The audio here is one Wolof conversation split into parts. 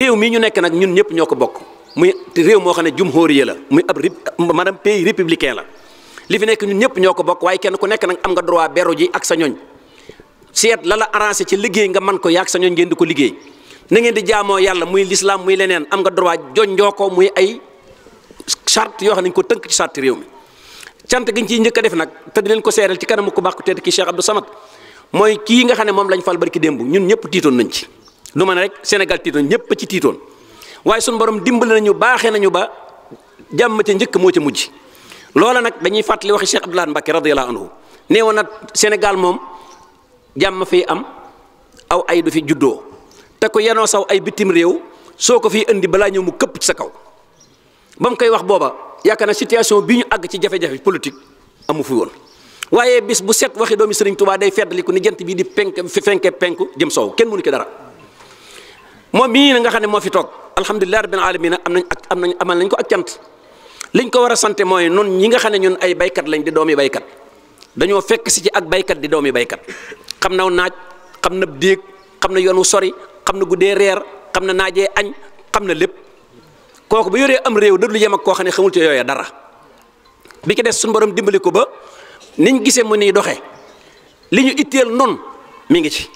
réew mii ñu nekk nag ñun ñëpp ñoo ko bokk muy réew moo xam ne jumhuriya la muy ab maanaam pays républicain la li fi nekk ñun ñëpp ñoo ko bokk waaye kenn ku nekk nag am nga droit beru ji ak sa ñoñ seet la la arrangé ci liggéey nga man ko yaag sa ñoñ ngeen di ko liggéey na ngeen di jaamoo yàlla muy lislaam muy leneen am nga droit jonjoo ko muy ay charte yoo xam ne ñu ko tënk ci charte réew mi cant giñ ciy njëkk a def nag te di leen ko seeral ci kanamu ku baax ki Cheikh Abdou mooy kii nga xam ne moom lañ fal barki démb ñun ñëpp tiitoon nañ ci du ma ne rek Sénégal tiitoon ñëpp ci tiitoon waaye suñu borom dimbali nañu baaxee nañu ba jàmm ca njëkk moo ci mujj loola nag dañuy fàttali waxi Cheikh Abdoulaye Mbacké radiyallahu anhu nee woon nag Sénégal moom jàmm fii am aw ay du fi juddoo te ko yanoo saw ay bitim réew soo ko fii indi balaa ñëw mu këpp ci sa kaw ba mu koy wax booba yaakaar na situation bi ñu àgg ci jafe-jafe politique amu fi woon waaye bis bu set waxi doomi Sëriñ Tuubaa day feddaliku ni jant di penk fi fenke penku jëm sow kenn mënu ko dara moom mii na nga xam ne moo fi toog alhamdulilah rabbil alamina am nañ ak am nañ amal nañ ko ak cant liñ ko war a sant mooy noonu ñi nga xam ne ñun ay baykat lañ di doomi baykat dañoo fekk si ci ak baykat di doomi baykat xam na naaj xam na déeg xam na yoonu sori xam na guddee reer xam na naajee añ xam na lépp kooku bu yoree am réew da dul yem ak koo xam ne xamul ci yooya dara bi ki des suñu borom dimbali ko ba niñ gisee mu niy doxee li ñu itteel noonu mi ngi ci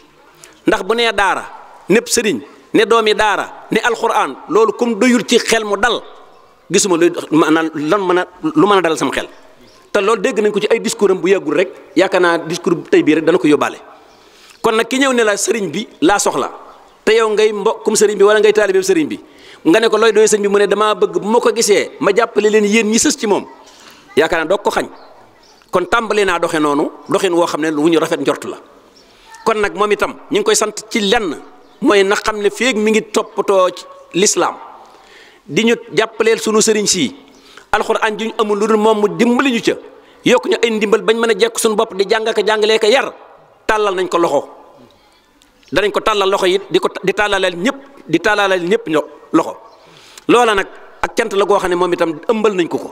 ndax bu nee daara népp sëriñ ne doomi daara ne alxuraan loolu comme doyul ci xel mu dal gisuma luy maanaam lan mën a lu mën a dalal sama xel te loolu dégg nañ ko ci ay discours bu yàggul rek yaakaar naa discours bu tey bii rek dana ko yóbbaale kon nag ki ñëw ne la sëriñ bi laa soxla te yow ngay mbokkum sëriñ bi wala ngay taalibeem sëriñ bi nga ne ko looy doy sëriñ bi mu ne damaa bëgg bu ma ko gisee ma jàppale leen yéen ñi sës ci moom yaakaar naa doog ko xañ kon tàmbali naa doxe noonu doxin woo xam ne lu ñu rafet njort la kon nag moom itam ñu ngi koy sant ci lenn mooy na xam ne feeg mu ngi toppatoo lislaam di ñu jàppaleel sunu sëriñ sii alxuraan ju ñu amul lu dul moom mu dimbali ñu ca yokk ñu ay ndimbal bañ mën a jekk suñu bopp di jàng ak jàngalee ko yar tàllal nañ ko loxo danañ ko tàllal loxo it di ko di tàllaleel ñëpp di tàllaleel ñëpp loxo loola nag ak cant la goo xam ne moom itam ëmbal nañ ko ko